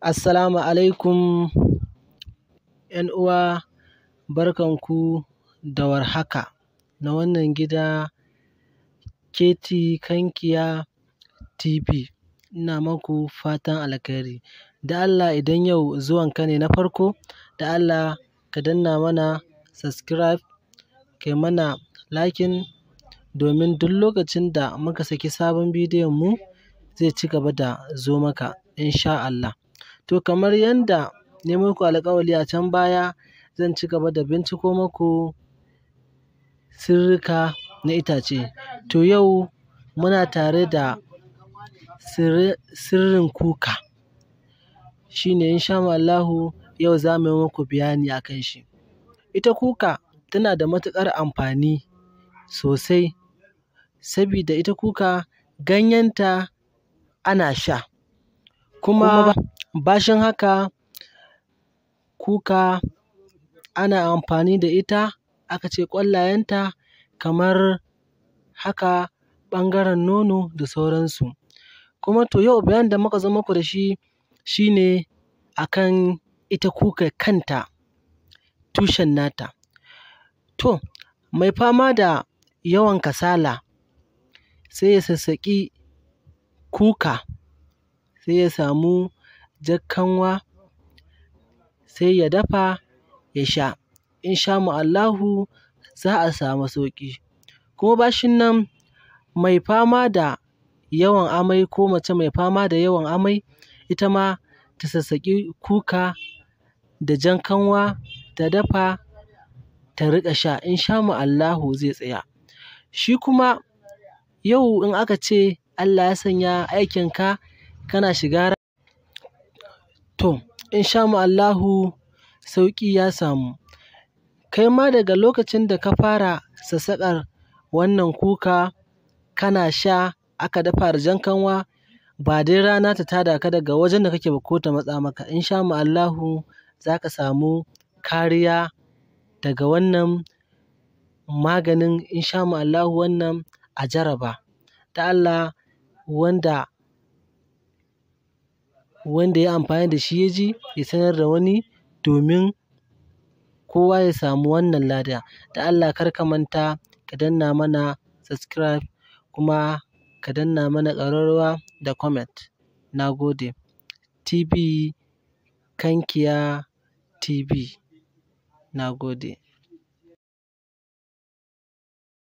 Assalamu alaikum ‘yan uwa barkanku da warhaka na wannan gida Keti Kankiya TV. Ina maku fatan alkhairi. Da Allah idan yau zuwanka ne na farko, da Allah ka danna mana subscribe, kai mana Lakin domin duk lokacin da muka saki sabon bidiyon mu zai ci gaba da zo maka insha Allah. To kamar yadda ne muku alƙawari a can baya, zan ci gaba da binciko maku sirrika na itace. To yau muna tare da sirrin kuka. Shi ne in sha Allahu yau za mu yi maku bayani a kan shi. Ita kuka tana da matuƙar amfani sosai sabida ita kuka ganyenta ana sha kuma. Bashin haka kuka ana amfani da ita aka ce ƙwallayenta kamar haka ɓangaren nono da sauransu. Kuma to yau bayanin da muka zo muku da shi shine akan ita kuka kanta tushen nata. To mai fama da yawan kasala sai ya sassaƙi kuka sai ya samu jakkanwa sai ya dafa ya sha. In sha Allahu za a samu sauƙi. Kuma bashin nan mai fama da yawan amai ko mace mai fama da yawan amai ita ma ta sassaƙi kuka da jakkanwa ta dafa ta riƙa sha. In sha Allahu zai tsaya. Shi kuma yau in aka ce Allah ya sanya aikinka kana shiga. To, in sha mu Allahu sauƙi ya samu. Kai ma daga lokacin da ka fara sassaƙar wannan kuka kana sha aka dafa da jan kanwa, ba dai rana ta tada ka daga wajen da kake ba ko ta matsa maka. In sha mu Allahu za ka samu kariya daga wannan maganin in sha mu Allahu wannan a jaraba. Ta Allah wanda wanda ya yi amfani da shi ya ji ya sanar da wani domin kowa ya samu wannan lada. Da Allah kar ka manta ka danna mana subscribe kuma ka danna mana ƙararrawa da comment. Na gode. TV Kankiya TV. Na gode.